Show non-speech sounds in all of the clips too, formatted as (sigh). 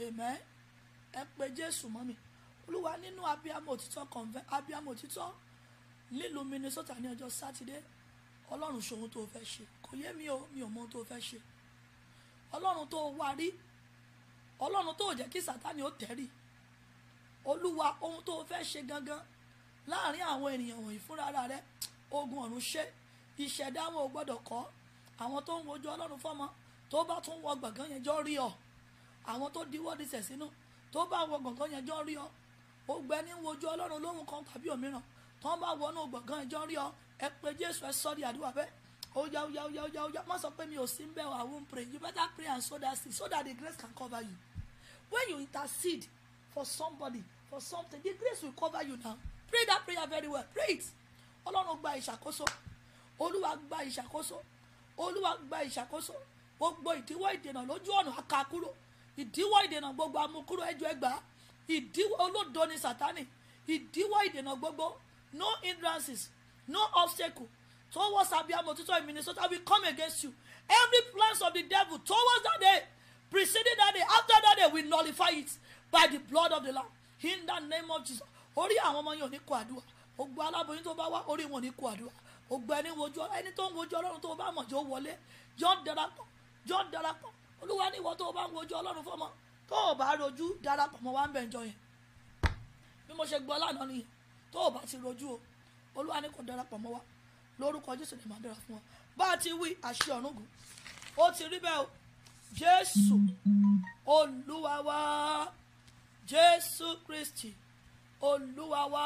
amen ẹ pé jésù mọ́ mi olúwa nínú abiyamọ òtítọ́ conven abiyamọ òtítọ́ nílùú minnesota ní ọjọ́ sátidé ọlọ́run ṣòun tó fẹ́ ṣe kò yé mi o mi ò mọ ohun tó fẹ́ ṣe ọlọ́run tó wá rí tó jẹ́ kí sátani ó tẹ̀rí olúwa ohun tó fẹ́ ṣe gangan láàrin àwọn ènìyàn wọ̀nyí fúnra rẹ ogun ọ̀run ṣe ìṣẹ̀dá wọn ò gbọ́dọ̀ kọ́ àwọn tó ń wojú ọlọ́run fọ́mọ tó bá tún wọ gbọ̀ngàn yẹn jọ rí ọ àwọn tó diwọ́ disẹ̀ sínú tó bá wọ gbọ̀ngàn yẹn jọ rí ọ ó gbẹ ní wojú ọlọ́run lóhùn kan tàbí òmíràn tó ń bá wọnú gbọ̀ngàn ẹjọ́ rí ọ ẹ pé jésù ẹ sọ́ di àdúrà bẹ́ẹ̀ ó yá ó yá ó yá ó yá ó yá má sọ pé mi ò sí ń bẹ̀ ọ́ I won't pray you better pray and so that so that the grace can cover you when you intercede for somebody for something the grace will cover you now pray that prayer very well pray it ọlọ́run gba ìṣàkóso olúwa gba ìṣàkóso olúwa gba ìṣàkóso gbogbo ìdíwọ́ ìdènà lójú ọ̀nà àkàkúrò ìdíwọ́ ìdènà gbogbo amukúrò ẹjọ́ ẹgbà ìdíwọ́ olódo ni sátánì ìdíwọ́ ìdènà gbogbo no hindrances no obstacle towards abiyamọ títọ́ in Minnesota will come against you every plans of the devil towards that day preceding that day after that day we nullify it by the blood of the lamb in the name of Jesus orí àwọn ọmọ yẹn ò ní kó àdúrà ògbó aláboyún tó bá wá orí wọn ò ní kó àdúrà ògbó ẹni wojú ẹni tó ń wojú ọlọ́run tó bá mọ̀ jọ wọlé jọ darapọ̀ jọ darapọ̀ olúwa ní ìwọ tó o bá ń wojú ọlọ́run fọmọ tó o bá rojú darapọ̀ mọ́ wa ń bẹ̀ ń jọ yẹn bí mo ṣe gbọ́ lánàá nìyẹn tó o bá ti rojú o olúwa ní kò darapọ̀ mọ́ wa lórúkọ jésù ni màá dára fún wa bá a ti wí àṣẹ ọ̀run gùn ó ti rí bẹ́ẹ̀ o jésù olúwa wa jésù kristi olúwa wa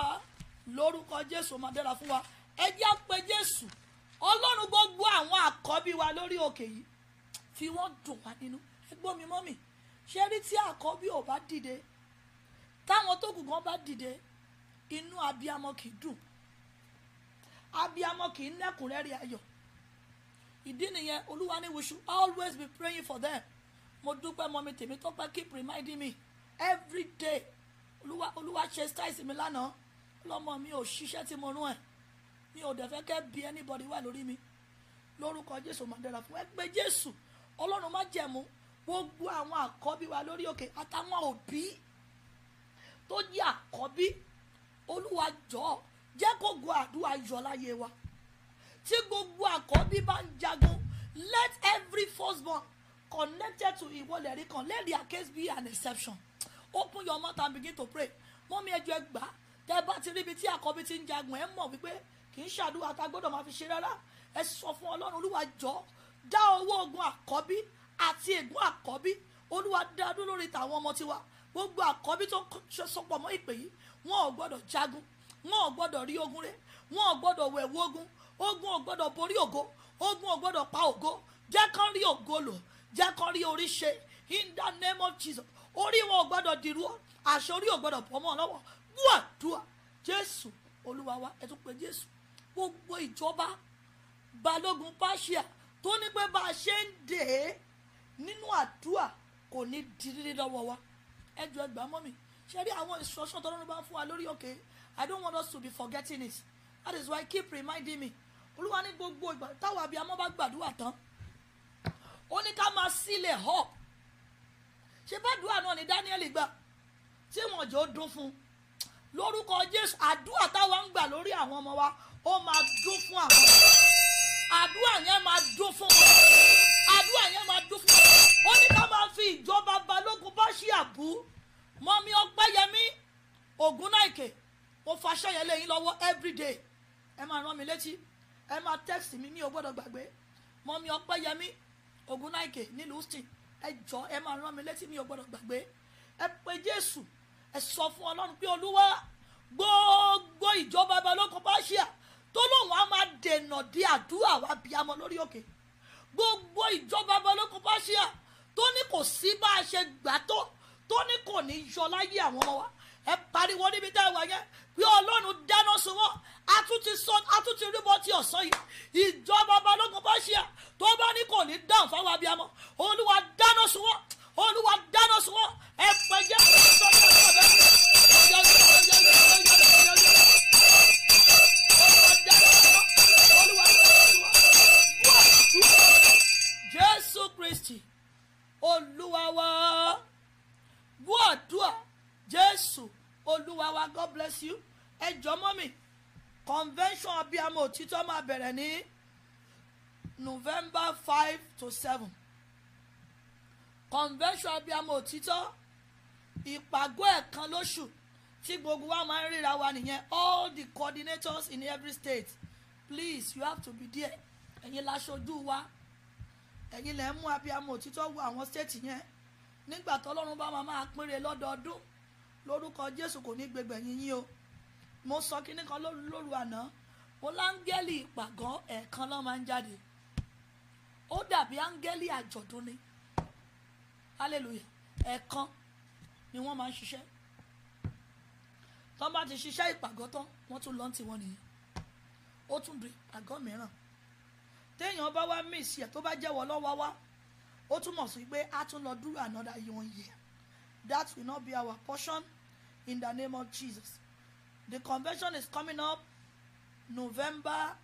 lórúkọ jésù màá dára fún wa ẹ jẹ́ pé jésù ọlọ́run gbogbo àwọn àkọ́bí wa lórí òkè yìí tí wọ́n dùn wá nínú ẹgbọ́n mi mọ́mì ṣé rí tí àkọ́bí ò bá dìde táwọn tó kù gan bá dìde inú abiyamọ kì í dùn abiyamọ kì í lẹ́kùnrẹ́rẹ́ ayọ̀ ìdí nìyẹn olúwa ni we should always be praying for them mo dúpẹ́ mọ́mì tèmi tó pẹ́ keep reminding me every day olúwa olúwa chastise mi lánàá lọ́mọ mi ò ṣiṣẹ́ tí mo rún ẹ̀ mi ò dẹ̀ fẹ́ kẹ́ bí anybody wà lórí mi lórúkọ jésù màdàrà fún ẹgbẹ́ jésù ọlọ́run má jẹ̀mú gbogbo àwọn àkọ́bí wa lórí òkè àtàwọn òbí tó jẹ́ àkọ́bí olúwa jọ̀ọ́ jẹ́ kó go àdúrà yọ láyé wa tí gbogbo àkọ́bí bá ń jagun let every firstborn connected to ìwọlẹ̀rí kan let their case be an exception open your mouth and begin to pray mọ́mí ẹjọ́ ẹ gbà á tẹ́ bá ti ríbi tí àkọ́bí ti ń jagun ẹ mọ̀ wípé kì í ṣàdúrà tá a gbọ́dọ̀ máa fi ṣe rárá ẹ sọ fún ọlọ́run olúwa dá owó ogun àkọ́bí àti ègún àkọ́bí olúwa dá dúró lórí tàwọn ọmọ tiwa gbogbo àkọ́bí tó ń sọpọ̀ mọ́ ìpè yìí wọn ò gbọ́dọ̀ jagun wọn ò gbọ́dọ̀ rí ogun rẹ wọn ò gbọ́dọ̀ wẹ̀wù ogun ogun ò gbọ́dọ̀ borí ògo ogun ò gbọ́dọ̀ pa ògo jẹ́ kán rí ògo lò jẹ́ kán rí orí ṣe in the name of Jesus orí wọn ò gbọ́dọ̀ dìrú àṣẹ orí ò gbọ́dọ̀ pọ̀ mọ́ lọ́wọ́ gbọ́dọ̀ jésù olúwa wa ẹ tún pé jésù gbogbo ìjọba balógun pàṣẹ tó ní pé bá a ṣe ń dè é nínú àdúrà kò ní dídí lọ́wọ́ wa ẹ jù ẹgbàá mọ́ mi ṣe rí àwọn instruction tó lọ́nà bá fún wa lórí òkè I don't want us to be forgetting it that is why keep reminding me olúwa ní gbogbo ìgbà táwọn abiyamọ bá gbàdúrà tán ó ní ká máa sílẹ̀ hope ṣe bá náà ni Daniel gbà tí wọn jọ dún fún lórúkọ Jésù àdúrà táwa ń gbà lórí àwọn ọmọ wa ó máa dún fún àwọn àdúrà yẹn máa dún fún wọn àdúrà yẹn máa dún fún wọn ó ní ká máa fi ìjọba balógun bá ṣí àbú mọ́mí ọgbẹ́yẹmí ògúnnáìkè mo fa aṣẹ́yẹ lẹ́yìn lọ́wọ́ everyday ẹ máa rán mi létí ẹ máa text mi mi ò gbọ́dọ̀ gbàgbé mọ́mí ọgbẹ́yẹmí ògúnnáìkè nílùú houston ẹ jọ ẹ máa rán mi létí mi ò gbọ́dọ̀ gbàgbé ẹ pe jésù ẹ sọ fún ọlọ́run pé olúwa gbogbo ìjọba balógun bá ṣí àbú tó lóun á máa dènà di àdúrà wa bí amọ lórí òkè gbogbo ìjọba balógun pàṣẹ tó ní kò sí bá a ṣe gbà tó tó ní kò ní yọ láyé àwọn ọmọ wa ẹ pariwo níbi tá a wà yẹn pé ọlọ́run dáná sun wọ́n a tún ti ọ̀sán yìí ìjọba balógun pàṣẹ tó bá ní kò ní dáhùn fáwọn abiyamọ olúwa dáná sun wọ́n olúwa dáná sun wọ́n ẹ pẹ̀jẹ́ pẹ̀lú ọjọ́ ìjọba. kristi Oluwawa, wa gbọ́ àdúrà god bless you ẹ jọ mọ́ mi convention abiyamọ òtítọ́ ma bẹ̀rẹ̀ ní november five to seven convention abiyamọ òtítọ́ ìpàgọ́ ẹ̀kan lóṣù tí gbogbo wa máa ń ríra wa nìyẹn all the coordinators in every state please you have to be there ẹ̀yin la ṣojú wa ẹ̀yin lẹ́ mú abiyamọ òtítọ́ wo àwọn stéètì yẹn nígbà tọ́lọ́run bá máa máa pínre lọ́dọọdún lórúkọ jésù kò ní gbẹgbẹ̀yìn yín o mo sọ kinní kan lóru àná mo láńgẹ́lì ìpàgọ́ ẹ̀ẹ̀kan lọ́ máa ń jáde ó dàbí áńgẹ́lì àjọ̀dún ni hallelujah ẹ̀ẹ̀kan ni wọ́n máa ń ṣiṣẹ́ tọ́ bá ti ṣiṣẹ́ ìpàgọ́ tán wọ́n tún lọ́ntì wọn nìyẹn ó tún di àgọ́ mìíràn téèyàn bá wá miss ìṣe tó bá jẹ́wọ́ lọ́wọ́ wá ó túmọ̀ sí pé a tún lọ dúró another one year that will not be our portion in the name of Jesus the convention is coming up November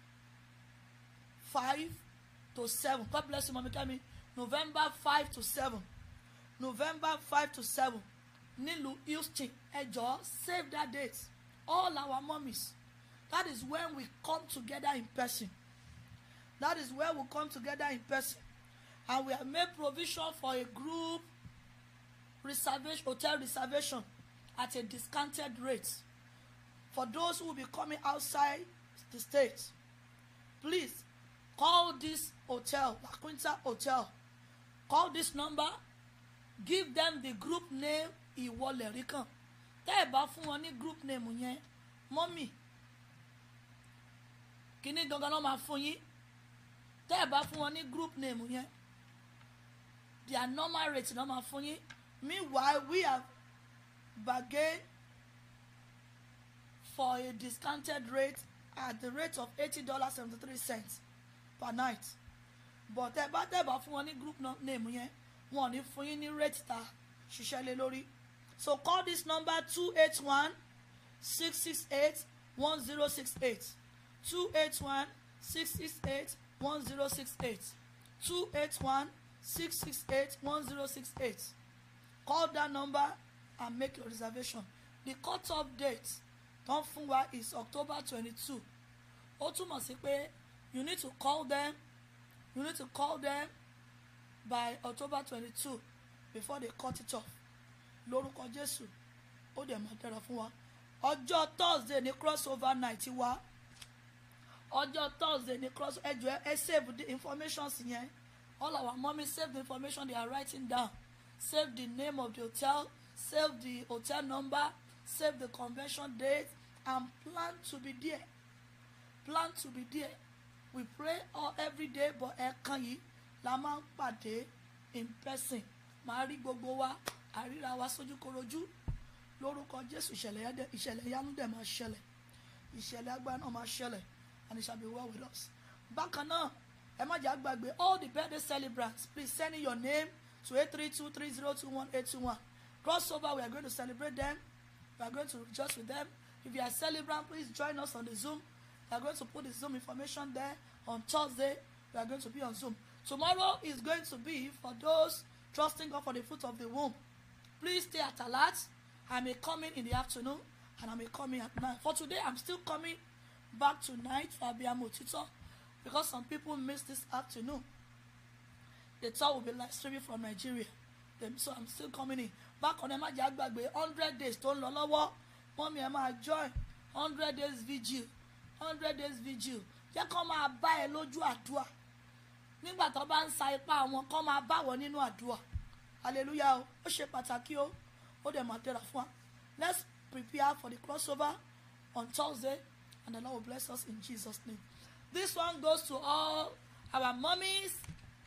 five to seven God bless you mami kemi November five to seven November five to seven Nilu, Houston ẹ jọ̀ọ́ save that date all our mummies that is when we come together in person. That is where we come together in person. And we have made provision for a group reservation, hotel reservation at a discounted rate for those who will be coming outside the state. Please call this hotel, La Quinta Hotel. Call this number. Give them the group name Ìwọlẹ̀ríkàn. Tẹ́ ẹ̀ bá fún wọn ní group name yẹn, mọ́mì. Kíní gangan náà máa fún yín tẹ́ ẹ̀ bá fún wọn ní group name yẹn their normal rate náà máa fún yín meanwhile we have bargain for a discounted rate at the rate of eighty dollars seventy-three cents per night but tẹ́ bá tẹ́ bá fún wọn ní group name yẹn wọn ò ní fún yín ní rate ta ṣiṣẹ́ lé lórí so call this number two eight one six six eight one zero six eight two eight one six six eight one zero six eight two eight one six six eight one zero six eight call that number and make your reservation the cut-off date tán fún wa is October twenty-two ó túmọ̀ sí you need to call them you need to call them by October twenty-two before they cut it off lórúkọ Jésù ó dẹ̀ mọ̀ tẹ́lẹ̀ fún wa ọjọ́ Thursday ní crossover night wa ọjọ́ thursday ní cross ẹjọ́ ẹ save the information yẹn all our mummy save the information they are writing down save the name of the hotel save the hotel number save the convention date and plan to be there plan to be there we pray all every day but ẹ̀ẹ̀kan yìí la máa ń pàdé in person màá rí gbogbo wa àríra wa sójú korojú lórúkọ jésù ìṣẹ̀lẹ̀ yánú dẹ̀ máa ṣẹlẹ̀ ìṣẹ̀lẹ̀ agbára náà máa ṣẹlẹ̀ and it shall be well with us. bákan náà ẹ má jà gbàgbé all the birthday celebrants please send in your name to eight three two three zero two one eight two one crossover we are going to celebrate them we are going to rejoice with them if you are celebrant please join us on the zoom we are going to put the zoom information there on thursday we are going to be on zoom tomorrow is going to be for those trusting God for the foot of the womb please stay at alert I may come in in the afternoon and I may come in at night for today I'm still coming back tonight for Abiyamo Tutor because some people missed this afternoon. The tour will be live streaming from Nigeria. So I'm still coming in. Back on Emma Jagbagbe, 100 days tó ń lọ lọ́wọ́. Mọ́mí ẹ máa join 100 days vigil 100 days vigil. Jẹ́ kó máa bá ẹ lójú àdúrà. Nígbà tó bá ń sa ipá wọn, kó máa bá wọn nínú àdúrà. Hallelujah o, ó ṣe pàtàkì o, ó dẹ̀ máa tẹ̀ra fún wa. Let's prepare for the crossover on Thursday and the Lord will bless us in Jesus' name. This one goes to all our mummies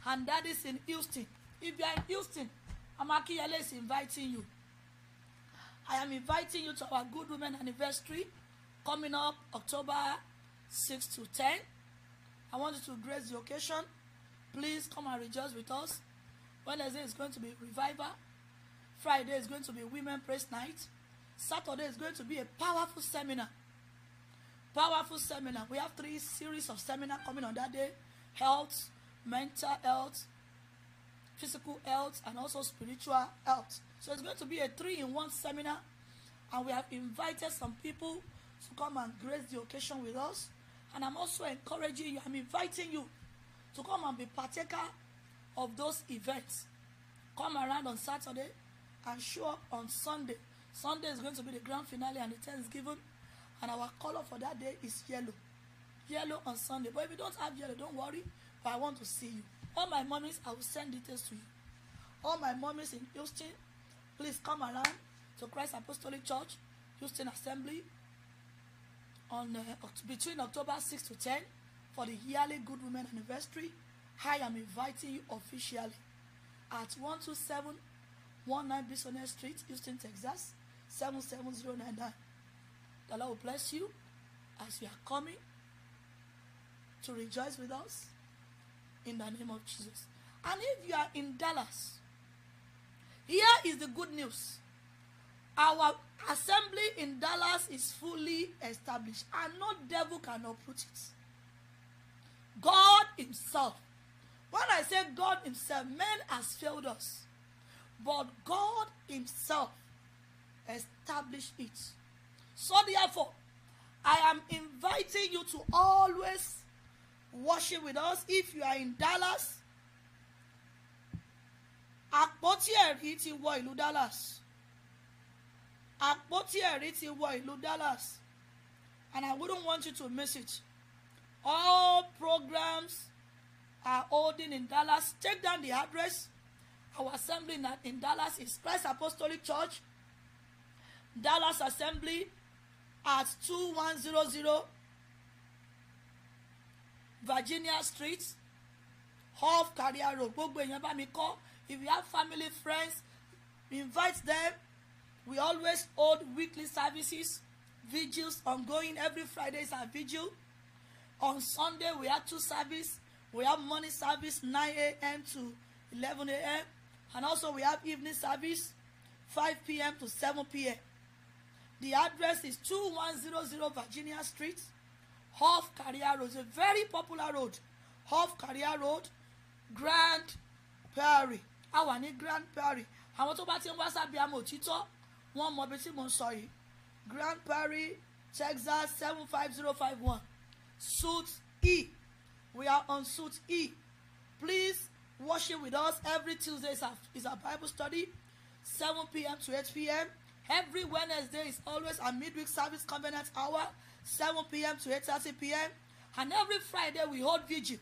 and daddies in Houston. If you are in Houston, Amakiyele is inviting you. I am inviting you to our Good Women Anniversary coming up October 6 to 10. I want you to grace the occasion. Please come and rejoice with us. Wednesday is going to be revival. Friday is going to be Women Praise Night. Saturday is going to be a powerful seminar Powerful seminar. We have three series of seminar coming on that day: health, mental health, physical health, and also spiritual health. So it's going to be a three-in-one seminar, and we have invited some people to come and grace the occasion with us. And I'm also encouraging you. I'm inviting you to come and be partaker of those events. Come around on Saturday and show up on Sunday. Sunday is going to be the grand finale and the Thanksgiving and our color for that day is yellow yellow on sunday but if you don't have yellow don't worry but i want to see you all my mummies i will send details to you all my mummies in houston please come around to christ apostolic church houston assembly on uh, between october 6 to 10 for the yearly good women anniversary i am inviting you officially at 127 19 business street houston texas 77099 The Lord will bless you as you are coming to rejoice with us in the name of Jesus. And if you are in Dallas, here is the good news. Our assembly in Dallas is fully established, and no devil can uproot it. God Himself. When I say God Himself, man has failed us, but God Himself established it. So therefore, I am inviting you to always worship with us if you are in Dallas. Àpótí ẹ̀rí ti wọ ìlú Dallas. Àpótí ẹ̀rí ti wọ ìlú Dallas. And I wouldn't want you to miss it. All programs are holding in Dallas. Take down the address. Our assembly in Dallas is Christ Apostolic Church, Dallas Assembly, at two one zero zero Virginia Street off Career Road gbogbo èèyàn bá mi kọ́ if you have family friends invite them we always hold weekly services vigils ongoing every Fridays and vigil on Sunday we have two services we have morning service nine a.m. to eleven a.m. and also we have evening service five p.m. to seven p.m. The address is two one zero zero Virginia Street, off Career Road. It's a very popular road, off Career Road, Grand Prairie. A wà ní Grand Prairie. Àwọn tó bá ti ń wá sábẹ́ àmọ́ òtítọ́, wọ́n mọ ibi tí mò ń sọ yìí. Grand Prairie, Texas one. Suite E. We are on Suite E. Please worship with us every Tuesday is our, is our Bible study, Seven p.m. to eight p.m. Every Wednesday is always a midweek service covenant hour, 7 p.m. to 8.30 p.m. And every Friday we hold vigil,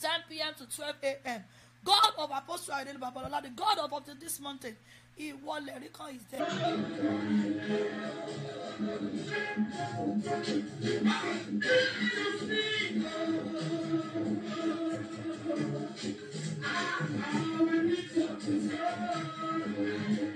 10 p.m. to 12 a.m. God of Apostle Adele Babalola, the God of, of this mountain, he won Lerica is there. I'm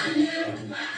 I live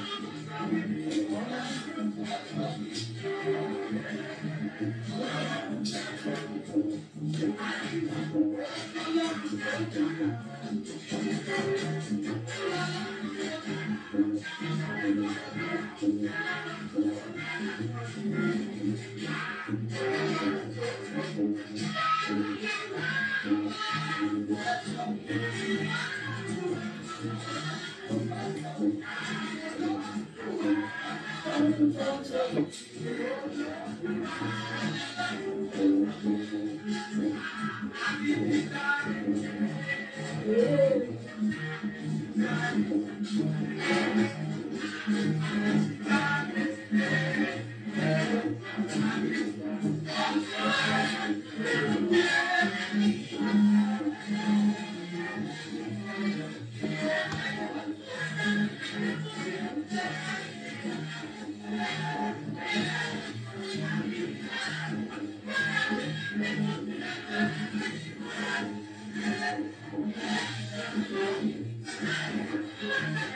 Yeah.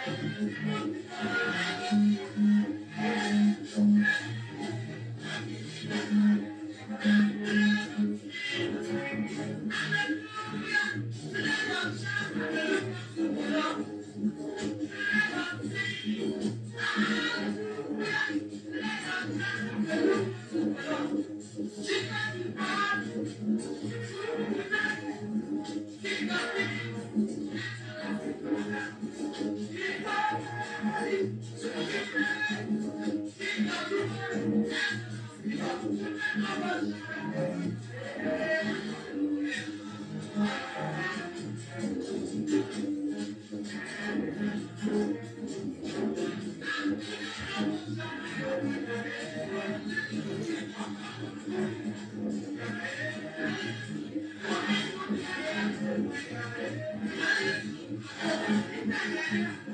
Thank (laughs) you. Yeah. Mm.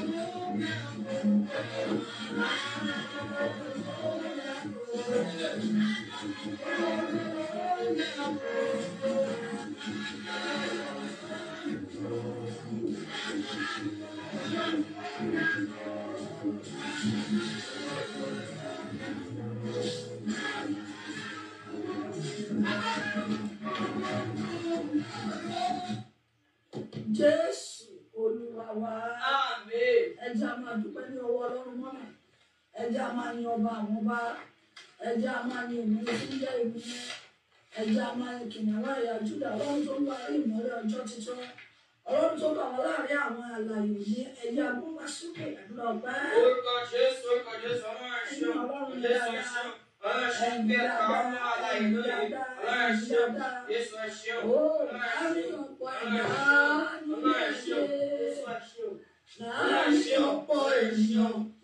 Thank you. máa yin ọba àwọn ọba ẹjẹ́ a máa yin ìmúlẹ̀ tó jẹ́ ìmúlẹ̀ ẹjẹ́ a máa yin kìnìún aláìyá júdà ọlọ́run tó ń bá rí ọjọ́ títọ́ ọlọ́run tó bá wọn láàrin àwọn àlàyé ní ẹjẹ́ agbóhùnmá sípò ìdúrà orúkọ jésù orúkọ jésù ọmọ ẹṣọ jésù ẹṣọ ọmọ ẹṣọ gbé ẹka ọmọ aláìyé lórí ọmọ ẹṣọ jésù ẹṣọ ọmọ ẹṣọ ọmọ ẹṣọ jésù ẹṣọ ọmọ ẹṣọ ọ̀pọ̀ ènìyàn.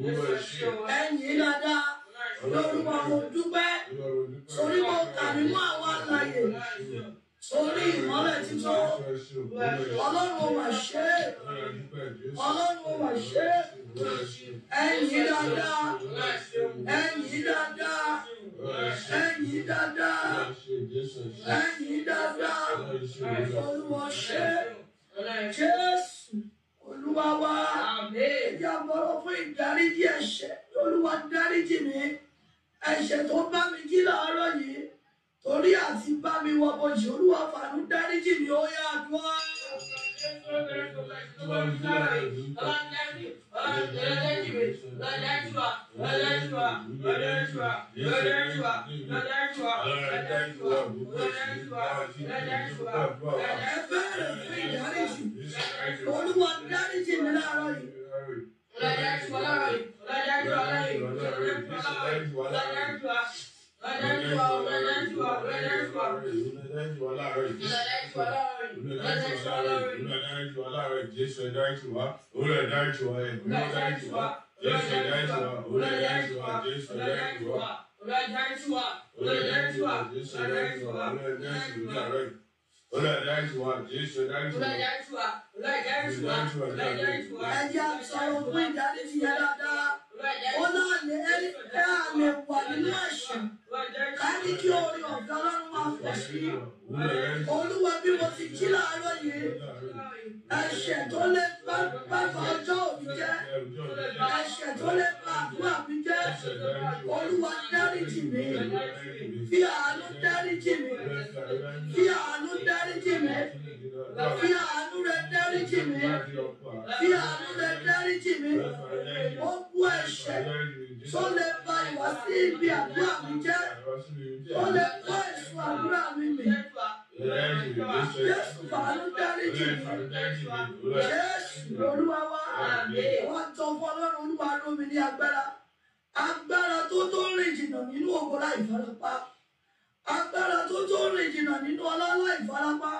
ẹ̀yìn dada, lórúkọ mo dúpẹ́ orí mo kà nínú àwọn àlàyé orí ìmọ́lẹ̀ títọ́ ọlọ́run mo mà ṣe é ọlọ́run mo mà ṣe é ẹ̀yìn dáadáa ẹ̀yìn dáadáa ẹ̀yìn dáadáa ẹ̀yìn dáadáa olúwa you olùdaríṣùwà jésù olùdaríṣùwà. olùdaríṣùwà olùdaríṣùwà. ẹ̀jẹ̀ àṣàrò fún ìdarí ti yẹ dáadáa. ó náà lè ẹni ká lè wà nínú ẹ̀sìn. ká ní kí orin ọ̀gá ọlọ́run máa pọ̀ sí i. olúwa bí mo ti jí láàárọ̀ yìí ẹ̀ṣẹ̀ tó lè bá ọjọ́ òní jẹ́ ẹ̀ṣẹ̀ tó lè bá àdúrà mi jẹ́ olúwa dáríjì mi fi àánú dáríjì mi fi àánú dáríjì mi. Fi àánú rẹ dáríjì mi. Fi àánú rẹ dáríjì mi. Ó bú ẹ̀ṣẹ̀ tó lè ba ìwà sí ibi àdúrà mi jẹ́. Ó lè bá èso àdúrà mi mì. Jésù fàánú dáríjì mi. Jésù olúwa wá. Wá tọ́ fún ọlọ́run olúwa ló mi ní agbára. Agbára tó tó rìn jìnnà nínú ògbó láì farapa. Agbára tó tó rìn jìnnà nínú ọlá láì farapa.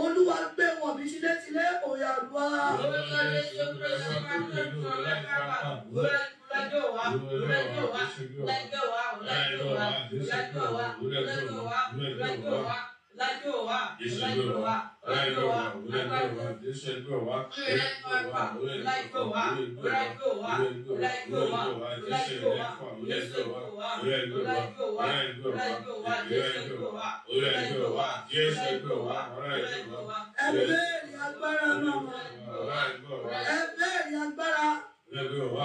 Olúwa gbé wọn bí sílé sílé òyà lọ. Olùkọ́ni ṣe kúrò sí pàtó lẹ́kàwá. Lẹ́jọ́ wa, lẹ́jọ́ wa, lẹ́jọ́ wa, lẹ́jọ́ wa, lẹ́jọ́ wa, lẹ́jọ́ wa, lẹ́jọ́ wa. Lájọ́ wa, lájọ́ wa, lájọ́ wa, lájọ́ wa, lájọ́ wa, lájọ́ wa, lájọ́ wa, lájọ́ wa, lájọ́ wa, Jésù wa, lájọ́ wa, lájọ́ wa, lájọ́ wa, Jésù wa, lájọ́ wa, Jésù wa, lájọ́ wa. Ẹ bẹ́ẹ̀ ni agbára náà, ẹ bẹ́ẹ̀ ni agbára olúwa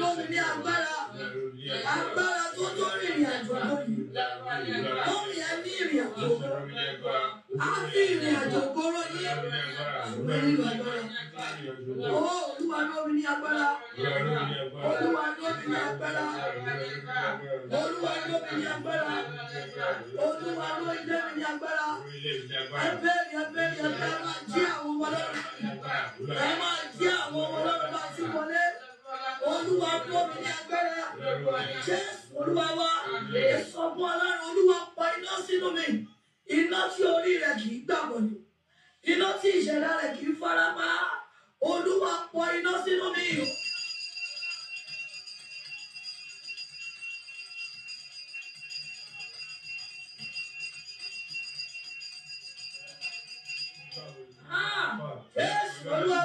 ló ń ní agbára agbára tó tó rìnrìn àjò lónìí lórí ẹni ìrìn àjò a fi ìrìn àjò gbòòrò yín lórí agbára. Ó olúwa lórí ní agbára. Olúwa lórí ní agbára. Olúwa lórí ní agbára. Olúwa lórí lórí ní agbára. Ẹbẹ̀rẹ̀ ẹbẹ̀rẹ̀ ẹbẹ̀rẹ̀ máa jí àwọn ọmọ lọ́rùn. Ẹ máa jí àwọn ọmọ lọ́rùn bá sí wọlé. Olúwa lórí ní agbára. Jésù olúwa wa. Èso ọmọ olúwa pa iná sínú mi iná tí orí rẹ̀ kì í gbàgbọ́ ni iná tí ìṣẹ̀dá rẹ̀ kì í farapa olúwa pọ iná sínú mi yìí. Ah, yes, Olúwa,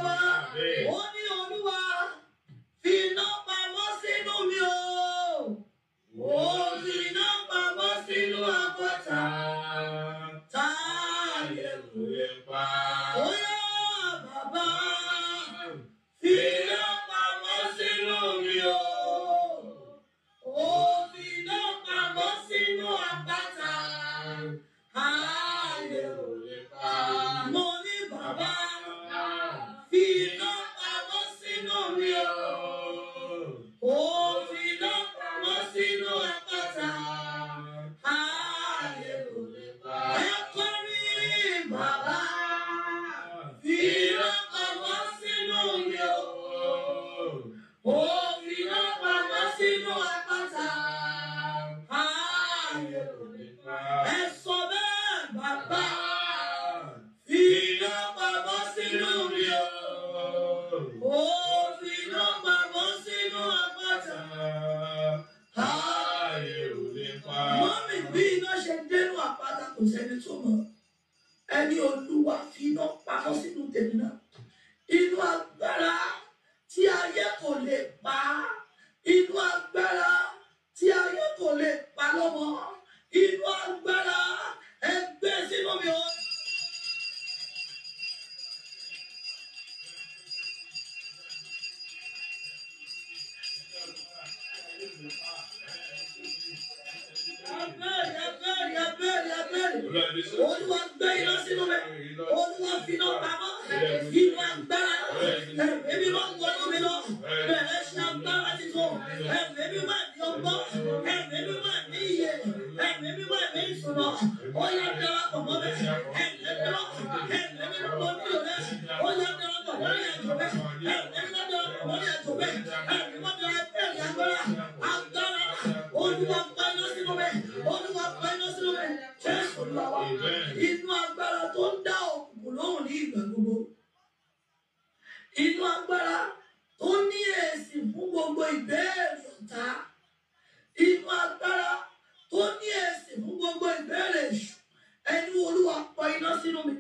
olúwa pa iná sínú mi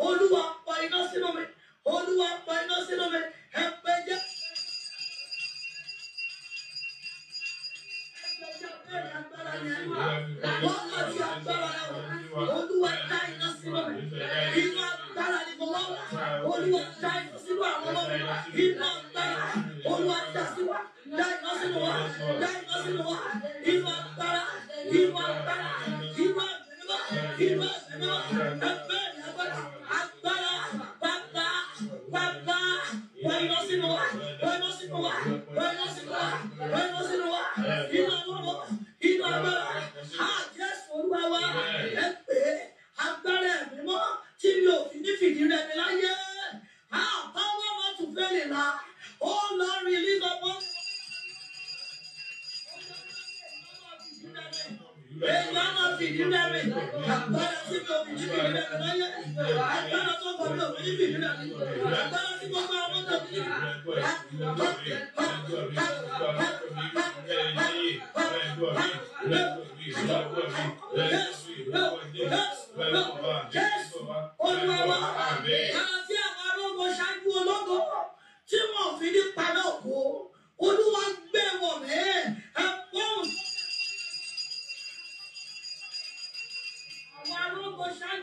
olúwa pa iná sínú mi olúwa pa iná sínú mi ẹ pẹ jẹ. Wọ́n lọ sí agbára rẹ̀ wá. Olúwa dá iná sínú mi. Iná agbára ni mo wá wá. Olúwa dá iná sínú àwọn ọlọ́run. Iná agbára. Olúwa dá sí wa. Dá iná sínú wa. Dá iná sínú wa. Iná agbára. Iná agbára.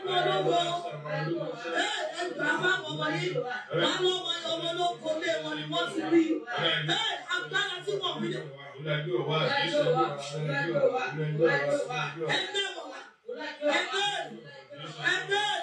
polówó ẹ ẹgbàá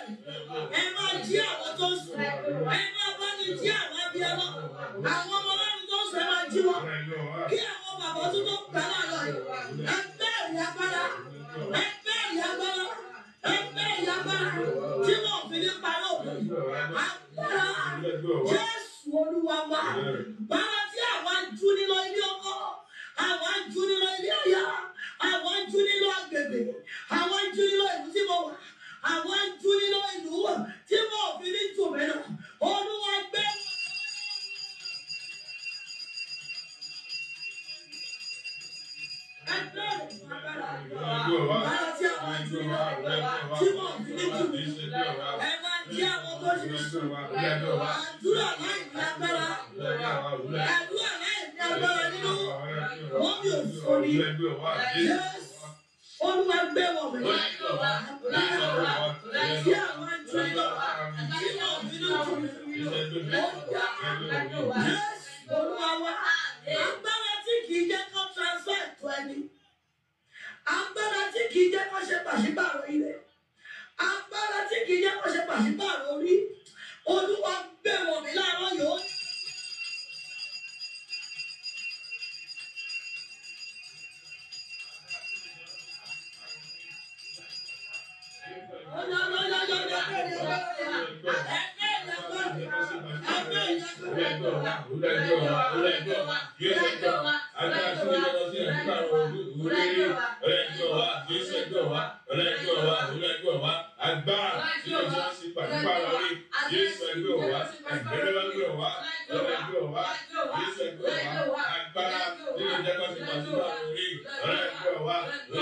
ẹgbẹ́ agbára tí ó yẹ lọ sí ẹ̀dúgbà òwúrẹ́rẹ́ ọlẹ́gbẹ́ wa jésù ẹgbẹ́ wa ọlẹ́gbẹ́ wa ọlẹ́gbẹ́ wa agbára tí ó yẹ sí pàdúpà lórí jésù ẹgbẹ́ wa ẹgbẹ́rẹ́gbẹ́ wa ọlẹ́gbẹ́ wa jésù ẹgbẹ́ wa agbára tí ó yẹ lọ sí pàdúpà lórí ọlẹ́gbẹ́ wa.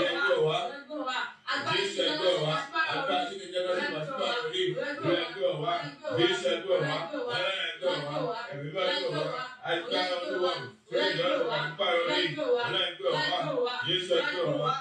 Lord.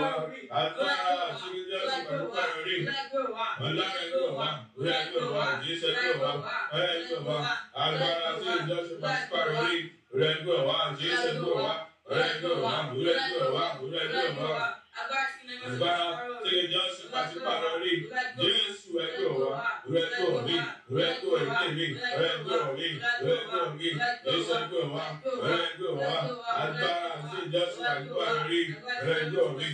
wá agbára àti jésù pẹ̀lú rí ọlọ́run ẹgbẹ́ wá orí ẹgbẹ́ wá jésù ẹgbẹ́ wá ọlọ́run ẹgbẹ́ wá agbára àti jésù pẹ̀lú rí orí ẹgbẹ́ wá jésù ẹgbẹ́ wá orí ẹgbẹ́ wá orí ẹgbẹ́ wá rẹ́tọ̀ wá rẹ́tọ̀ ní rẹ́tọ̀ ìdí mi rẹ́tọ̀ ní rẹ́tọ̀ ní ìṣẹ́jọ́ wá rẹ́tọ̀ wá agbára àti ìjọsìn àgbára rí rẹ́tọ̀ ní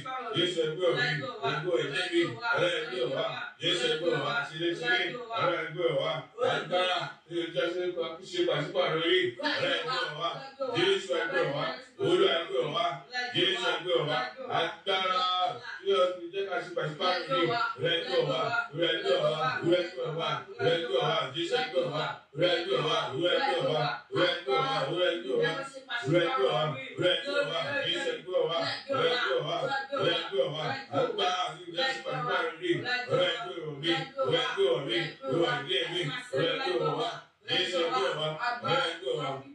ìṣẹ́jọ́ rí gbogbo ìdí mi rẹ́tọ̀ wá ìṣẹ́jọ́ wá sílẹ̀sílẹ̀ rẹ́tọ̀ wá agbára ìjọsìn ṣe pàṣípàrọ̀ rí rẹ́tọ̀ wá Jésù ẹgbẹ́ wá olú ẹgbẹ́ wá Jésù ẹgbẹ́ wá agbára ìjọsìn jẹ́ ká ṣe pàṣípàrọ̀ rí rẹ́tọ̀ wá rẹ́tọ̀ ẹgbẹ́ wa ìwé ẹgbẹ́ wa ìwé ẹgbẹ́ wa jésù ẹgbẹ́ wa ìwé ẹgbẹ́ wa ìwé ẹgbẹ́ wa ìwé ẹgbẹ́ wa ìwé ẹgbẹ́ wa ìwé ẹgbẹ́ wa ìwé ẹgbẹ́ wa jésù ẹgbẹ́ wa ìwé ẹgbẹ́ wa ìwé ẹgbẹ́ wa àgbà àfihàn jésù pàdé rí ìwé ẹgbẹ́ wa mi ìwé ẹgbẹ́ wa mi ìwé ẹgbẹ́ mi ìwé ẹgbẹ́ wa jésù ẹgbẹ́ wa ìwé ẹgbẹ́ wa.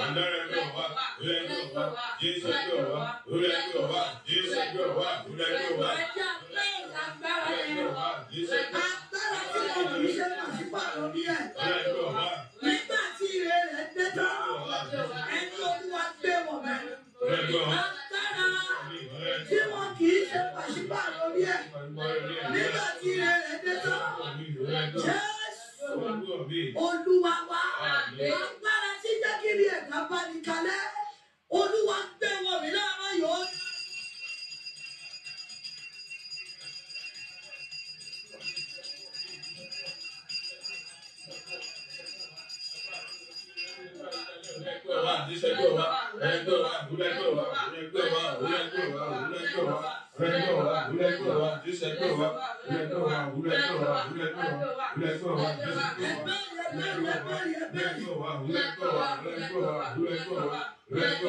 ọ̀dọ́rẹ́gbẹ́ ọ̀wá ìrẹ́gbẹ́ ọ̀wá jésù ẹgbẹ́ ọ̀wá ìrẹ́gbẹ́ ọ̀wá jésù ẹgbẹ́ ọ̀wá ìrẹ́gbẹ́ ọ̀wá. ẹja pé agbára ẹ̀rọ agbára tí kò ní ṣe pàṣípààrọ̀ ní ẹ̀. ìrẹ́gbẹ́ ọ̀wá. nígbà Rekoa, Rekoa, Rekoa, Rekoa.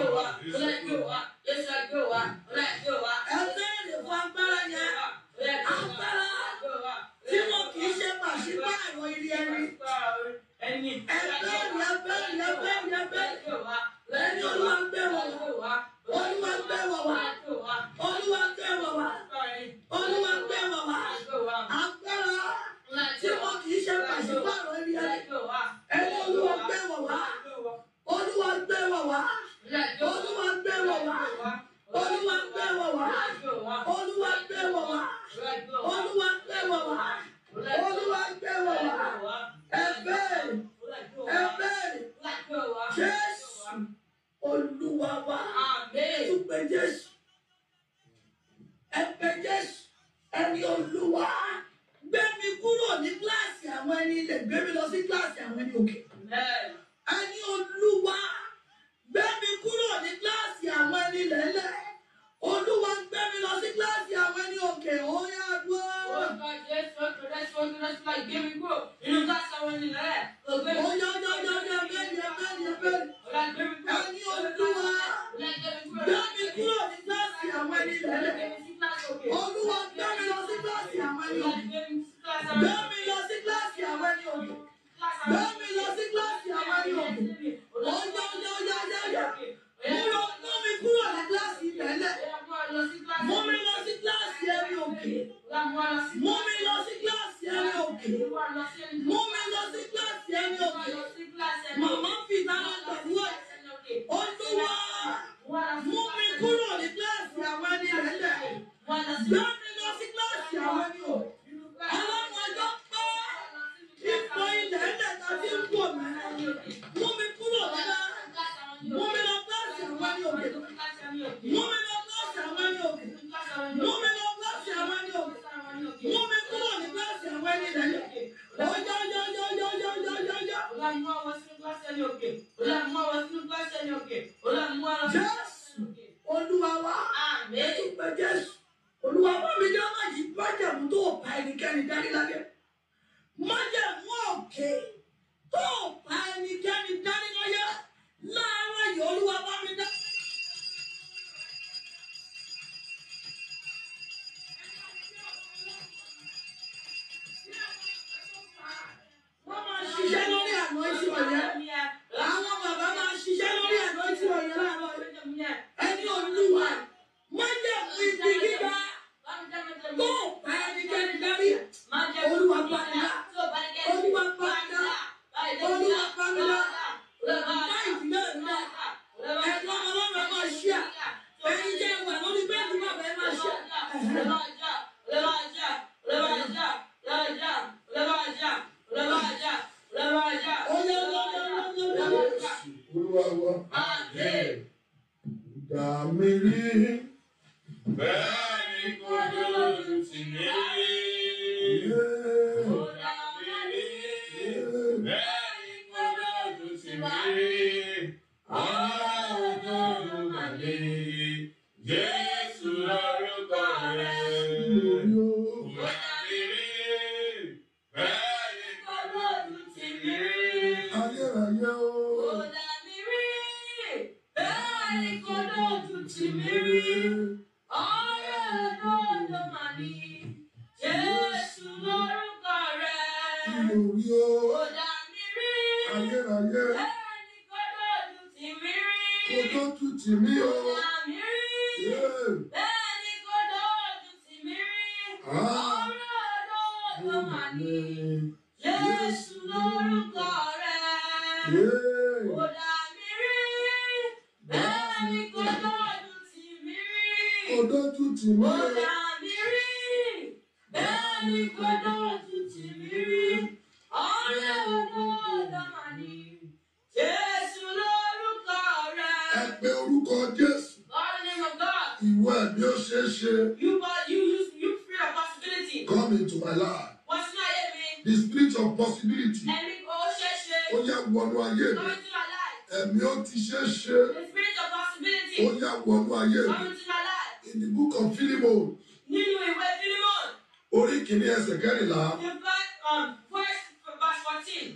kínní ẹsẹ̀ kẹrìnlá. the verse um, verse verse fourteen.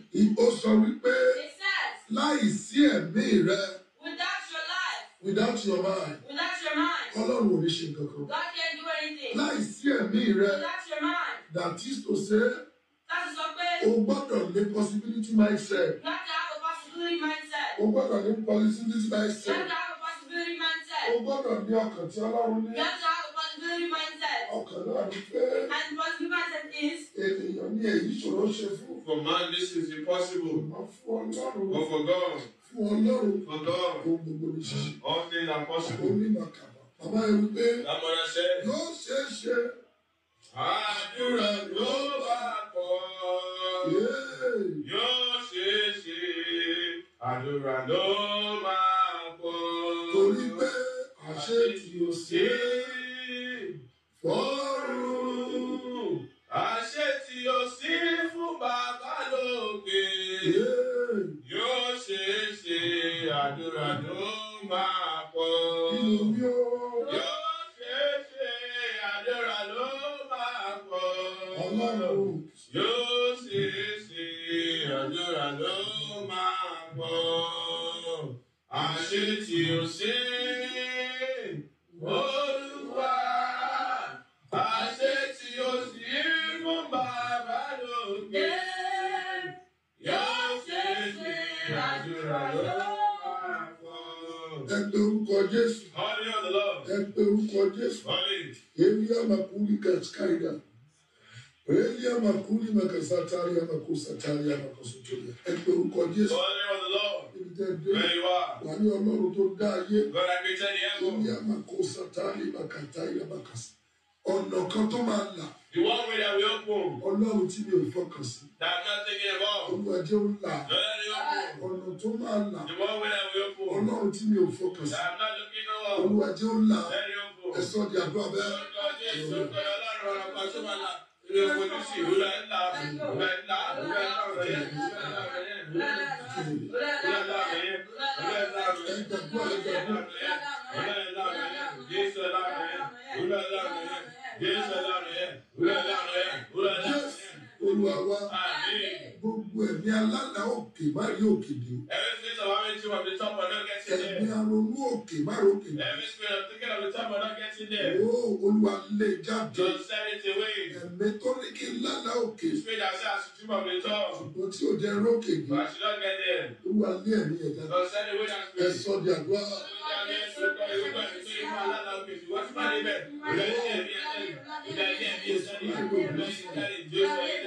ó sọ ẹ̀mí rẹ. without your life. without your mind. without your mind. ọlọ́run ò ní ṣe nǹkan kan. God can do anything. ẹ̀mí rẹ. without your mind. that is to say. láti sọ o gbọ́dọ̀ ní possibility mindset. láti have possibility mindset. o gbọ́dọ̀ ní possibility mindset. láti have o gbọ́dọ̀ ní ọkàn tí ọlọ́run ní. possibility mindset and what you guys is. for man this is impossible. But for God. fún ọlọ́run. for God. all things are possible. ó ní màkàbà. bàbá yẹn wípé. lámọ̀ra ṣe. yóò ṣeé ṣe. àdúrà ló bá pọ̀. yóò ṣeé ṣe. àdúrà ló máa pọ̀. torí pé àṣẹ kìí ṣe é. Oòrùn àṣẹ tí ó sí fún bàbá lókè yóò ṣe é ṣe àdúrà tó máa pọ̀. Yóò ṣe é ṣe àdúrà ló máa pọ̀. Yóò ṣe é ṣe àdúrà ló máa Oh. pe orúkọ Jésù. Ẹ pe orúkọ Jésù. Elia makuli kaskaida. Elia makuli makasatari amakusatari amakusuturia. Ẹ pe orúkọ Jésù. Ibi ní Ọlọ́run tó dá ayé. Elia makosatari makatari amakasa ọ̀nà kan tó máa là. The one way that we open. Ọlọ́run tí mi ò fọkàn sí. That I'm not thinking about. Olúwàjẹ́ ó là. Ọ̀nà tó máa là. The one way that we open. Ọlọ́run tí mi ò fọkàn sí. That I'm not looking about. Olúwàjẹ́ ó là. Ẹ̀sọ́ di àdúrà bẹ́ẹ̀. Ọjọ́ Jésù pé Ọlọ́run ọ̀rọ̀ kan tó máa là. Ilé ọkọ̀ ní sì ìrora ńlá. ńlá. Ìrora ńlá ọ̀rọ̀ ńlá ọ̀rọ̀ ńlá ọ̀rọ̀ yẹn. Jésù Yes, Allah. Yes, Allah. Yes, it. olúwa wa gbogbo ẹ̀mí aládàá òkè má rí òkè dé. ẹ̀mí aronú òkè má rí òkè dé. ó olúwa lè jáde. ẹ̀mí tó ní kí n ládàá òkè. ṣùgbọ́n tí ò jẹ́ rókè dé. olúwa lé ẹ̀mí ẹ̀ jáde. ẹ sọ di àdúrà. Thank you.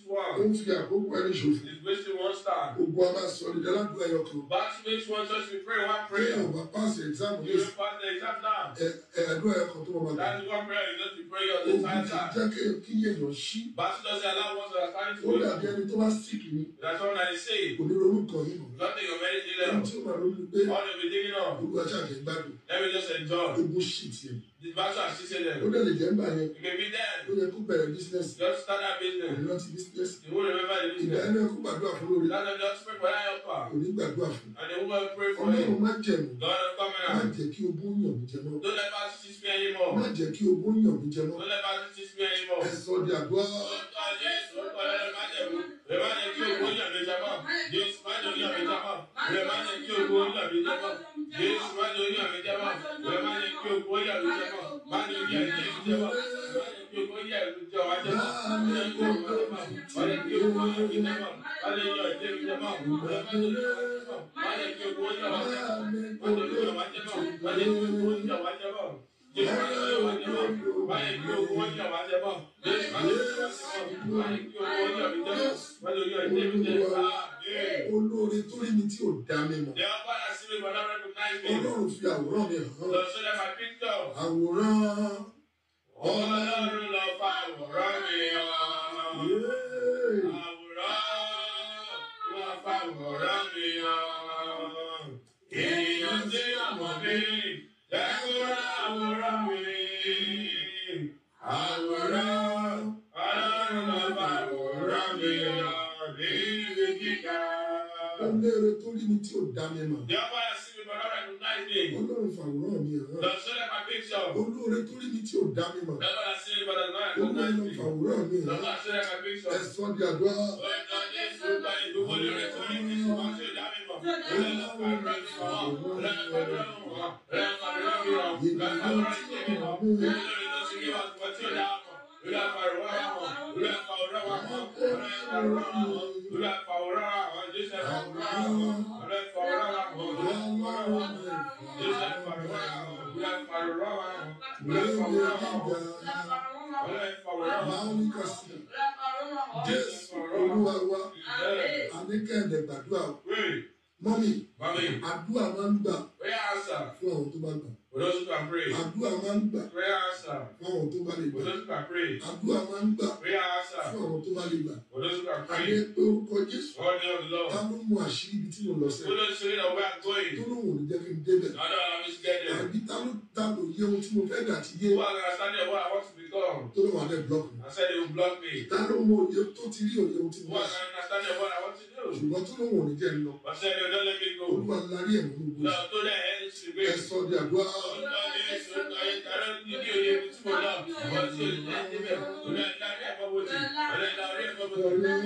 ó ń fi àkókò ẹni ṣòfò. gbogbo a máa sọ nígbà ládùúgbò ẹyọ kan. kí o bá pass the exam You pass the yìí. ẹ ẹ àdúrà ẹyọ kan tó wọn the time. o kì í jẹ́ kí kí yẹ̀yọ̀ sí. ó dàbí ẹni tó bá sick ni. kò ní ronú kan nínú. ohun tí ó máa ronú pé olùwàjà kì í gbádùn. gbogbo shit yẹn. Dibaṣọ àṣìṣe rẹ̀. dẹ̀ lè jẹ́ ńgbà yẹn. Ìgbè yẹ kó bẹ̀rẹ̀ business. Just start that business. ti business. Ìgbà yẹn kó gbàdúrà fún lórí. Lọ́dọ̀ ní gbàdúrà fún. And the má jẹ̀mú. Lọ́dọ̀ Má jẹ́ kí ogún yàn mí jẹ mọ́. Don't let us teach me anymore. Má jẹ́ kí ogún yàn mí jẹ mọ́. Don't let di àdúrà. Rẹ̀mánì kí ògo ní àbẹ̀jámá. Jésù má jẹ́ orí àbẹ̀jámá. Rẹ̀mánì kí ògo ní àbẹ̀jámá. Jésù má jẹ́ orí àbẹ̀jámá. Rẹ̀mánì kí ògo ní àbẹ̀jámá. Má ní orí àbẹ̀jámá. Rẹ̀mánì kí ògo ní àbẹ̀jámá. Rẹ̀mánì kí ògo ní àbẹ̀jámá. Rẹ̀mánì kí ògo ní àbẹ̀jámá. Rẹ̀mánì kí ògo ní àbẹ̀jámá. Rẹ̀mánì kí ògo ní àbẹ̀jámá. Rẹ̀mánì kí ògo ní àbẹ̀jámá. Rẹ̀mánì kí ògo ní àbẹ̀jámá olóore tó rí mi tí ò dá mi mọ̀. ọlọ́run fi àwòrán mi hàn. àwòrán. ọlọ́run lọ fa àwòrán mi hàn. àwòrán lọ fa àwòrán mi hàn. èèyàn tí àmọ̀ mi lẹ́kọ̀ọ́. Àwòrán ọlọ́run lọ́ba àwòrán mi lọ ní ìwé gíga. Ó léèrè tó rí mi tí ò dá mi mọ̀. Yọ̀bá sí mi bọ̀dọ̀ rẹ̀ nínú àìdè. Ọlọ́run fàwòrán mi hàn. Lọ sọ́dọ̀ pa picture. Olóore tó rí mi tí ò dá mi mọ̀. Yọ̀bá sí mi bọ̀dọ̀ náà nínú àìdè. Ọlọ́run fàwòrán mi hàn. Lọ sọ́dọ̀ pa picture. Ẹ̀sọ́ di àdúrà. Ọjọ́ Jésù gba ìdúgbò lórí tó rí mi tí ò dá mi mọ̀. Ọlọ́run fàwòrán mi hàn. Ọlọ́run fàwòrán mi hàn. Amen. àdúrà máa ń gbà fún ọ̀rọ̀ tó bá lè gbà. àbí pé orúkọ jésù ta ló mú àṣírí ibi tí mo lọ sẹ́yìn. tó ló wò ní jẹ́ kí n débẹ̀. àbí ta ló ta ló yẹ ohun tí mo fẹ́ dà ti yé come. Torí wàá dẹ̀ block me. I said you block me. Ta ló mọ oye tó ti rí oye tí mo bá. Wọ́n á stand there what I want to do. Ṣùgbọ́n tó ló wọ̀n ní jẹ́ lọ. I said you don't let me go. Olúwa larí ẹ̀mú gbogbo. Lọ tó dẹ̀ ẹ́ sì gbé. Ẹ sọ di àdúrà. Olúwa ní èso ayé tààrà ní ní oye tí mo lọ. Wọ́n ti oye ní ẹni bẹ́ẹ̀. Olúwa larí ẹ̀fọ́ bojì. Olúwa larí ẹ̀fọ́ bojì. Olúwa larí ẹ̀fọ́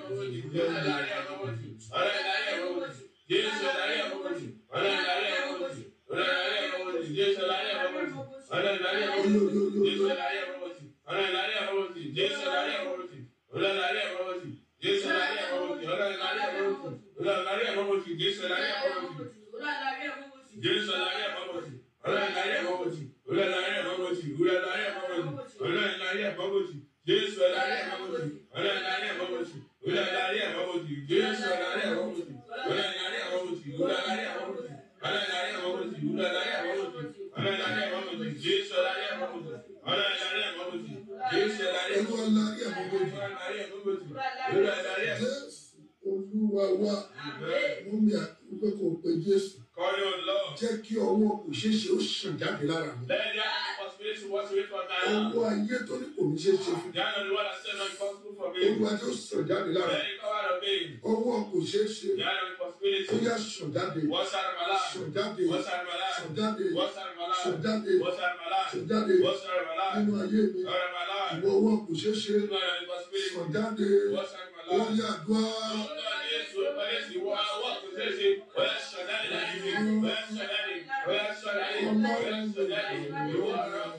bojì. Olúwa larí ẹ̀fọ́ bojì. Olúwa larí ẹ̀fọ́ bojì. Jésù láyé ọ̀rọ̀ sí. Ọlọ́run láyé ọ̀rọ̀ sí. Jésù láyé ọ̀rọ̀ sí. Ọlọ́run láyé ọ̀rọ̀ sí. Jésù láyé ọ̀rọ̀ sí. Ọlọ́run láyé ọ̀rọ̀ sí. Jésù láyé ọ̀rọ̀ sí. Ọlọ́run láyé ọ̀rọ̀ sí. Ọlọ́run láyé ọ̀rọ̀ sí. Jésù láyé ọ̀rọ̀ sí. Jésù láyé ọ̀rọ̀ sí. Ọlọ́run láyé ọ̀rọ̀ sí. Ọlọ́run láyé ọ̀rọ̀ sí. Ọlọ́run láyé ọ̀rọ̀ sí. Ọlọ́run láyé ọ̀rọ̀ sí. Jésù láyé ọ̀rọ̀ sí. Ọlọ́run láyé ọ̀rọ̀ sí. Ọlọ́run láyé ọ̀rọ̀ sí. Jésù láyé ọ̀rọ̀ sí. Ọlọ́run láyé ọ̀rọ̀ sí. Ọlọ́run láyé ọ̀rọ̀ sí ọlọ́run láyé ẹ̀wọ̀n mo sì wúlọ láyé ẹ̀wọ̀n mo sì ọlọ́run láyé ẹ̀wọ̀n mo sì jésù láyé ẹ̀wọ̀n mo sì ọlọ́run láyé ẹ̀wọ̀n mo sì jésù láyé ẹ̀wọ̀n mo sì ọlọ́run láyé ẹ̀wọ̀n mo sì wúlọ láyé ẹ̀wọ̀n mo sì. Olúwa wa mú mi àtúntò kò pe Jésù. Kọ́ni ọ̀lọ́. Jẹ́ kí ọwọ́ kò ṣeéṣe ó ṣàn jáde lára mi. Bẹ́ẹ̀ni á owó ayé tó ní kò ní ṣe ṣe fún mi olúwa yóò sàn jáde lára owó kò ṣe ṣe ó yà sàn jáde sàn jáde sàn jáde sàn jáde sàn jáde nínú ayé mi ìwọ owó kò ṣe ṣe sàn jáde ó yà dùn á. Ọlọ́run.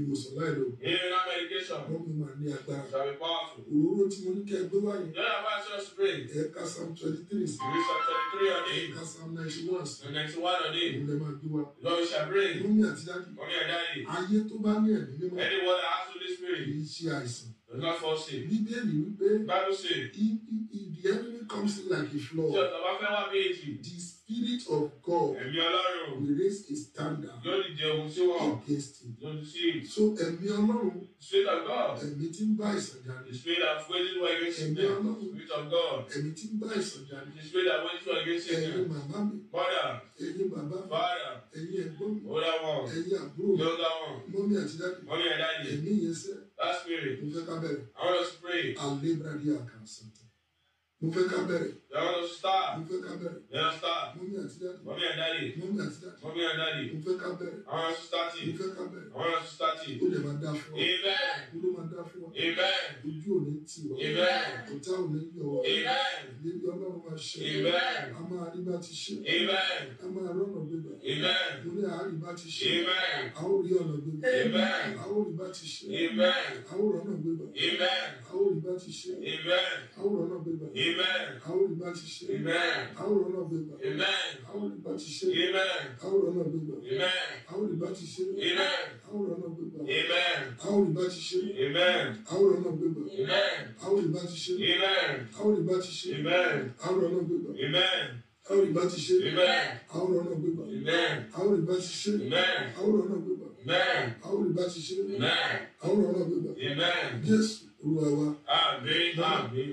ìmọ̀sánláì lò. Ọkùnrin máa ní agbára. Òróró tí mo ní kẹ́ gbé wáyé. Ẹ̀ka Psalm twenty three. twenty-one. Ẹ̀ka Psalm ninety one. Òun lè máa gbé wá. Lómi àti dájú. Ayé tó bá ní ẹ̀mí mímọ́. Kì í ṣe àìsàn. Bíbélì wípé. Báyọ̀ sè. If the enemy comes like a flood. Tí ọ̀tọ̀ bá fẹ́ wá bí èjì spirit of God ẹ̀mí will raise a standard against him so ẹ̀mí ọlọ́run spirit of God ẹ̀mí tí ń bá ìsàn jáde spirit of God nínú ẹgbẹ́ sí ẹ̀mí ọlọ́run spirit of God ẹ̀mí tí ń bá ìsàn jáde spirit of God nínú ẹgbẹ́ sí ẹ̀mí ẹ̀yin màmá mi ẹ̀yin bàbá bọ́dà ẹ̀yin ẹ̀gbọ́n mi ẹ̀yin àbúrò mi mọ́mí àti dáàdì ẹ̀mí yẹn sẹ́ that spirit mo fẹ́ ká bẹ̀rẹ̀ I want pray àlébàdí àkànṣe mo fẹ́ ká bẹ̀rẹ̀ Lord star. Mo fẹ́ ká bẹ̀rẹ̀. Lord star. Mọ́mí àti dáàdì. Mọ́mí àti dáàdì. Mọ́mí àti dáàdì. Mọ́mí àti dáàdì. Mo fẹ́ ká bẹ̀rẹ̀. Àwọn aṣọ sátì. Mo fẹ́ ká bẹ̀rẹ̀. Àwọn aṣọ sátì. Ó lè máa dá fún wa. Ibẹ̀. Ó ló máa dá fún wa. Ibẹ̀. Ojú ò ní tì wá. Ibẹ̀. Òtá ò ní yọ wá. Ibẹ̀. Ìlébi ọlọ́run máa ṣe. Ibẹ̀. A máa rí bá ti ṣe. Ibẹ̀. A bá ti ṣe. Àwọn ọ̀nà gbé gbà. Àwọn ọ̀nà bá ti ṣe. Àwọn ọ̀nà gbé gbà. Àwọn ọ̀nà bá ti ṣe. Àwọn ọ̀nà gbé gbà. Àwọn ọ̀nà bá ti ṣe. Àwọn ọ̀nà gbé gbà. Àwọn ọ̀nà bá ti ṣe. Àwọn ọ̀nà bá ti ṣe. Àwọn ọ̀nà gbé gbà. Àwọn ọ̀nà bá ti ṣe. Àwọn ọ̀nà gbé gbà. Àwọn ọ̀nà bá ti ṣe. Àwọn ọ̀nà gbé gbà. Àwọn ọ̀nà bá ti ṣe. Àwọn ọ̀nà gbé gbà. Jésù Olúwa wa. Àmín. Àmín.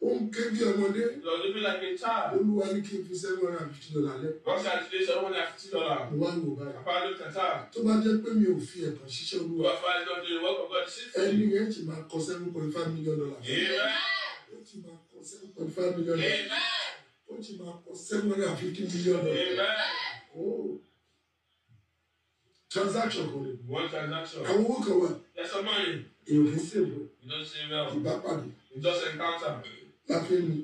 ó ń ké bí ọmọdé. lọ bí like a child. olúwa ní kí n fi seven hundred and fifty dollars lẹ. wọ́n ṣàtìlẹ́ seven hundred and fifty dollars. mo wá ń wò báyìí. àbá ló tẹ̀sà. tó bá jẹ́ pé mi ò fi ẹ̀kọ́ ṣiṣẹ́ olúwa. wọ́n fà lọ ní ìwọ́n kọ̀ọ̀kan sí. ẹni yẹn ti máa kọ seven point five million dollars. ó ti máa kọ seven point five million dollars. ó ti máa kọ seven hundred and fifty million dollars. Oh. transaction kò ní. one transaction. àwọn owó kan wà. ẹ̀sán mọ́ni. èèyàn kì í ṣèwé. ìjọsìn rẹ̀ o. ìbápadì. ìjọsìn encounter. Láfẹ́ mi.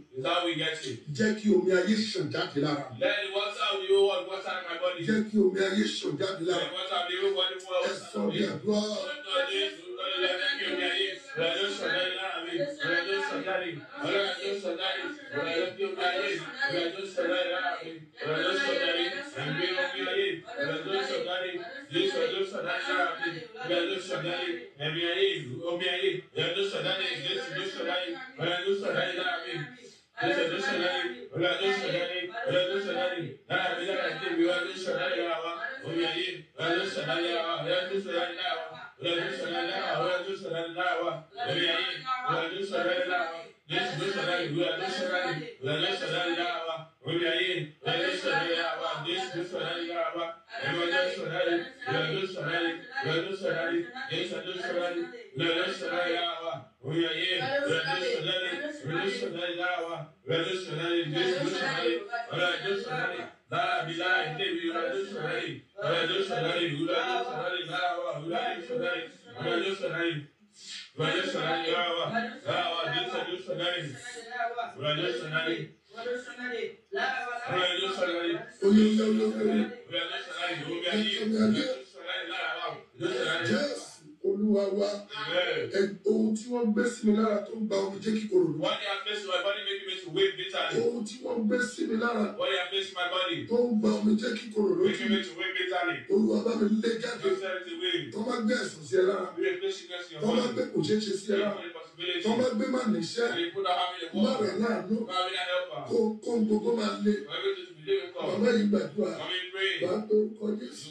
we get it? Jẹ́ kí omi ayé sàn jáde lára. Let the water of the whole world my body. Jẹ́ kí omi ayé sàn jáde lára. Let the water of the whole my body. Ẹ sọ bí àdúrà. Omi ayé. Kaaba, Emmanuel Soleil, Lele Soleil, Lele Soleil, Yesadil Soleil, Lele Soleil Yawa, Uyaye, Lele Soleil, Lele Soleil Yawa, Lele Soleil, Yesadil Soleil, Lele Soleil, لا بلا إنتي يولد السرعي ولد السرعي يولد السرعي لا وولد السرعي ولد السرعي ولد السرعي يا وا لا وا جلس جلس السرعي ولد السرعي gbàgbé jésù olúwa wa ohun tí wọ́n gbé sí mi lára tó ń gba omi jẹ́ kíkorò lọ. my body make me to wave bitter. ohun tí wọ́n gbé sí mi lára. my body. tó ń gba omi jẹ́ kíkorò lọ. to wave bitter. olúwa bá mi lé jáde. tó bá gbé ẹ̀sùn sí ẹ lára. tó bá gbé kò ṣeé ṣe sí ẹ lára tó bá gbé má níṣẹ́ má rẹ̀ láàánú kó kó gbogbo máa lé màmá yìí gbàdúrà bá tó kọ Jésù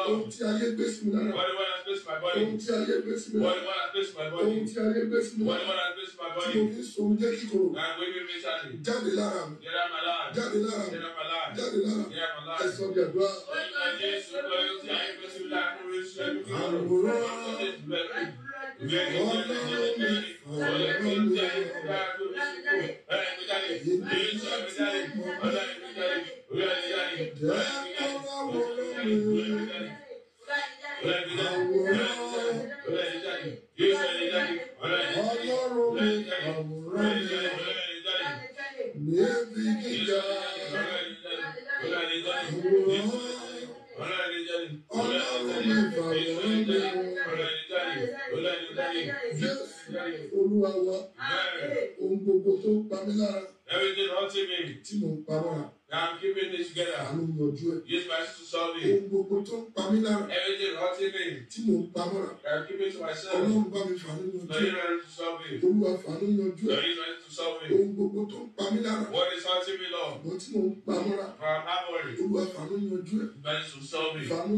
ohun tí ayé gbé sí mi lára ohun tí ayé gbé sí mi lára ohun tí ayé gbé sí mi lára tí mo fi sòun jẹ́ kíkorò jáde lára mi jáde lára mi jáde lára mi ẹ̀sọ́ gbàdúrà. Àwòrán. Thank you. I keep it to myself. sẹ́yìn. olúwa fàánú yanjú ẹ ohun gbogbo tó ń pa mí lára ṣùgbọ́n tí mò ń pa mọ́ra olúwa fàánú yanjú ẹ fàánú yanjú ẹ fàánú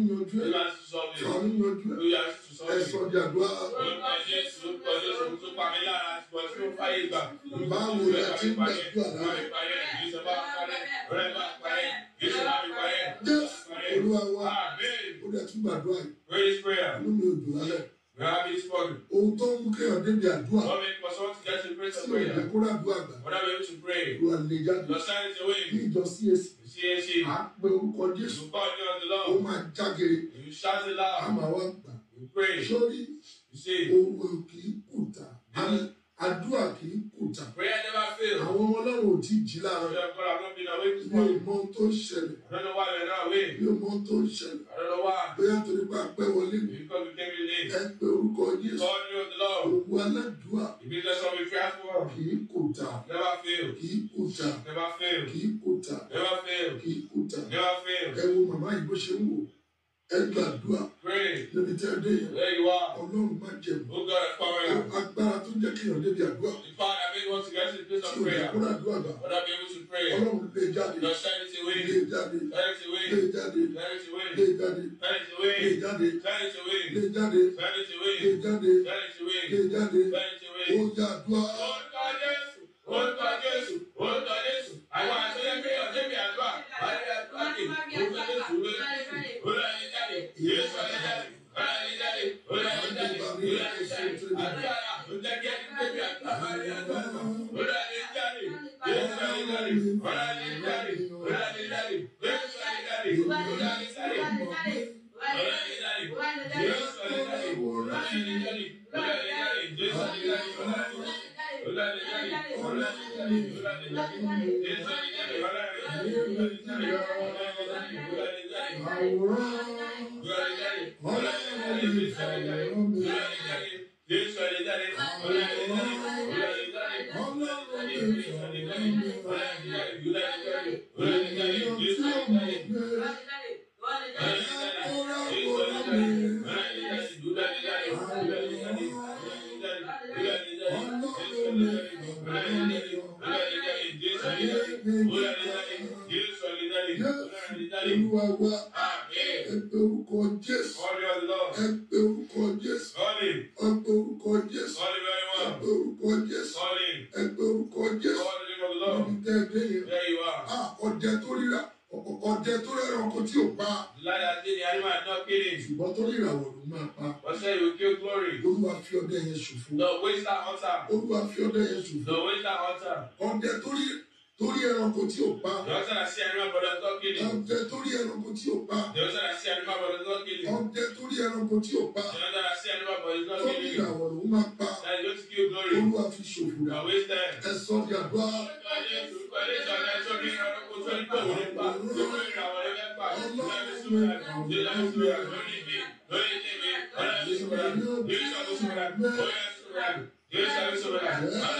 yanjú ẹ ẹ̀sọ́ jàdúrà. báwo la ti ń gbàdúrà lára jésù olúwa wa ó dẹ̀ tún gbàdúrà yìí olú mi ò dùn lálẹ́. Grab his body. Ohun tó ń mú kéèyàn débi àdúrà. Wọ́n mi kọ sọ́wọ́n ti jẹ́ ṣe praise and prayer. Tí ìdẹ̀kọ́ àdúrà gbà. Wọ́n dàbí to pray. Ìwà lè jáde. Lọ sáré ti wéyìn. Ní ìjọ CAC. CAC. À ń pe orúkọ Jésù. Olùkọ́ ọjọ́ ọdún lọ́wọ́. Ó máa jágere. Èyí ṣáṣe láàrú. Àmà wa gbà. pray. Sórí. You see. Ohun kì í kùtà. Àmì. Àdúrà kì í kùtà. Àwọn ọmọ ọlọ́run ò tí ì jí láàárọ̀. Mi ò mọ tó ń ṣẹlẹ̀. Mi ò mọ tó ń ṣẹlẹ̀. Bóyá torí pé apẹ́ wọlé mi. Ẹ pé orúkọ Jésù. Òwú aládùúà. Kì í kùtà. Kì í kùtà. Kì í kùtà. Kì í kùtà. Ẹ wo màmá yìí bó ṣe ń wò ẹgbẹ́ àdúrà níbi tí a dé yẹn ọlọ́run má jẹun agbára tó jẹ́ kí èèyàn débi àdúrà tí o lè kó àdúrà gbà ọlọ́run lè jáde lè jáde lè jáde lè jáde lè jáde lè jáde lè jáde lè jáde ó yá àdúrà. ó ń ta jésù ó ń ta jésù ó ń ta jésù àwọn àṣeyẹ pé ọ̀dẹ́bí àdúrà. Hallelujah. Jésù ẹni jáde, ọlá ẹni jáde, ọlá ẹni jáde, ọlá ẹni jáde, Jésù ẹni jáde, ọlá ẹni jáde, Júdà ẹni jáde, ọlá ẹni jáde, Jésù ẹni jáde, ọlá ẹni jáde, Jésù ẹni jáde, ọlá ẹni jáde, Júdà ẹni jáde, Júdà ẹni jáde, ọlá ẹni jáde, Júdà ẹni jáde, Jésù ẹni jáde, ọlá ẹni jáde, Júdà ẹni jáde, Jésù ẹni jáde, ọlá ẹni jáde, Jésù ẹni jáde, Olúwa wa, ẹ pe orúkọ Jésù, ẹ pe orúkọ Jésù, ẹ pe orúkọ Jésù, ẹ pe orúkọ Jésù, ẹ pe orúkọ Jésù, níbi tẹ́ ẹ dé yẹn, ah, ọ̀jẹ̀ tó ríra ọdẹ tó rẹ̀rọ ọkọ tí ò pa. lára tí ni arima náà kéré. ṣùgbọ́n tó ríra wọ̀ ló máa pa. ọ̀sẹ̀ yóò kí o glory. olúwa fi ọdẹ yẹn ṣòfò. lọ wíṣà ọ̀tà. olúwa fi ọdẹ yẹn ṣòfò. lọ wíṣà ọ̀tà. ọdẹ tó ríra torí ẹranko tí o pa. lọ́sàrà sí ẹnu àbọ̀dọ̀ tó kéde. ọdẹ torí ẹranko tí o pa. lọ́sàrà sí ẹnu àbọ̀dọ̀ tó kéde. ọdẹ torí ẹranko tí o pa. lọ́sàrà sí ẹnu àbọ̀dọ̀ tó kéde. tó ní ìràwọ̀ ló máa pa. láì ló ti kí o glory. olúwa fi ṣòfò rà. àwọn ìtẹ̀. ẹ sọ di àdúrà. Thank you. Yes, I'm so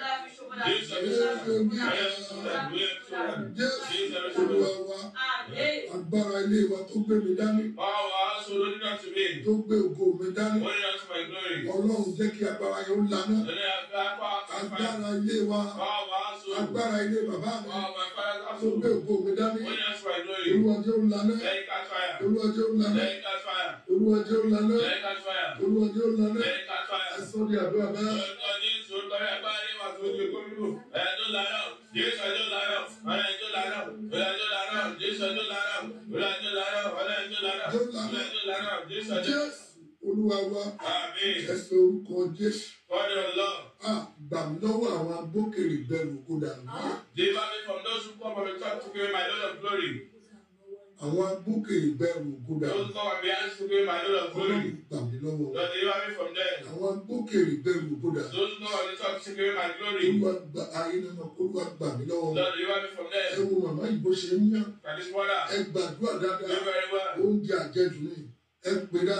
Agbára ilé wa tó gbé mi dání. Tó gbé ògo mi dání. Ọlọ́run jẹ́ kí agbára yẹn ó laná. Agbára ilé wa. Agbára ilé bàbá mi. Tó gbé ògo mi dání. Olúwa jẹ́ ó laná. Olúwa jẹ́ ó laná. Olúwa jẹ́ ó laná. Olúwa jẹ́ ó laná. Ẹ̀sọ́ ni àdúrà bá. Ẹ̀sọ́ ni àdúrà bá ẹjọ́ lára jésù ẹjọ́ lára ọ̀rẹ́ ẹjọ́ lára ọ̀rẹ́ ẹjọ́ lára jésù ẹjọ́ lára ọ̀rẹ́ ẹjọ́ lára ọ̀rẹ́ ẹjọ́ lára ọ̀rẹ́ ẹjọ́ lára jésù ẹjọ́. Olúwa wa ẹsẹ̀ orúkọ Jésù. Father Allah. Ah, gbà mí lọ́wọ́ àwọn abókèrè bẹ̀rù ògùn dànù. Deliver me from those who come from the church to carry my Lord of glory àwọn agbókè ìbẹ̀rù gúdà. those who are behind to pay my load of glory. olórí gbà mí lọ́wọ́. lord deliver me from there. àwọn agbókè ìbẹ̀rù gúdà. those who are the church to pay my glory. olúwa gba ayé náà olúwa gbà mí lọ́wọ́. lord deliver me from there. ẹ wo màmá ìbò ṣe ń yàn. that is water. ẹ gbàdúrà dáadáa. do very well. oúnjẹ àjẹjù ni ẹ pè dáadáa.